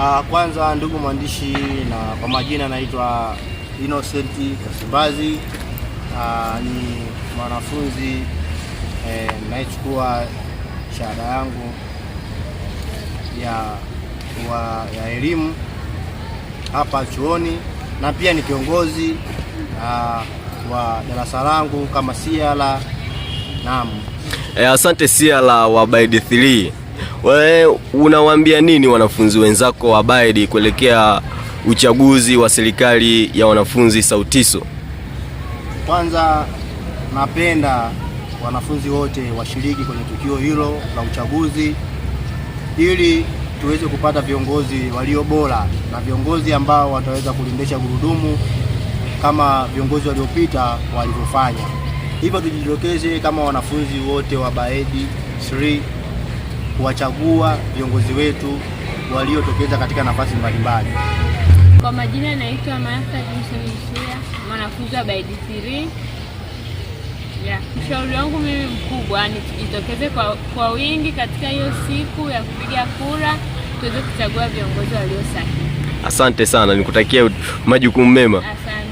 Uh, kwanza ndugu mwandishi, na kwa majina naitwa Innocent Kasimbazi. Uh, ah, ni mwanafunzi eh, naichukua shahada yangu ya, wa, ya elimu hapa chuoni na pia ni kiongozi uh, wa darasa langu kama siala. Naam, eh, asante siala wa Baidi 3 wewe unawaambia nini wanafunzi wenzako wa Abaid kuelekea uchaguzi wa serikali ya wanafunzi SAUTISO? Kwanza napenda wanafunzi wote washiriki kwenye tukio hilo la uchaguzi ili tuweze kupata viongozi walio bora na viongozi ambao wataweza kulindesha gurudumu kama viongozi waliopita walivyofanya. Hivyo tujitokeze kama wanafunzi wote wa Abaid kuwachagua viongozi wetu waliotokeza katika nafasi mbalimbali. Kwa majina naitwa Martha Johnson Msuya, mwanafunzi wa BD3. Yeah. Mshauri wangu mimi mkubwa ni tujitokeze kwa, kwa wingi katika hiyo siku ya kupiga kura tuweze kuchagua viongozi walio sahihi. Asante sana, nikutakia majukumu mema. Asante.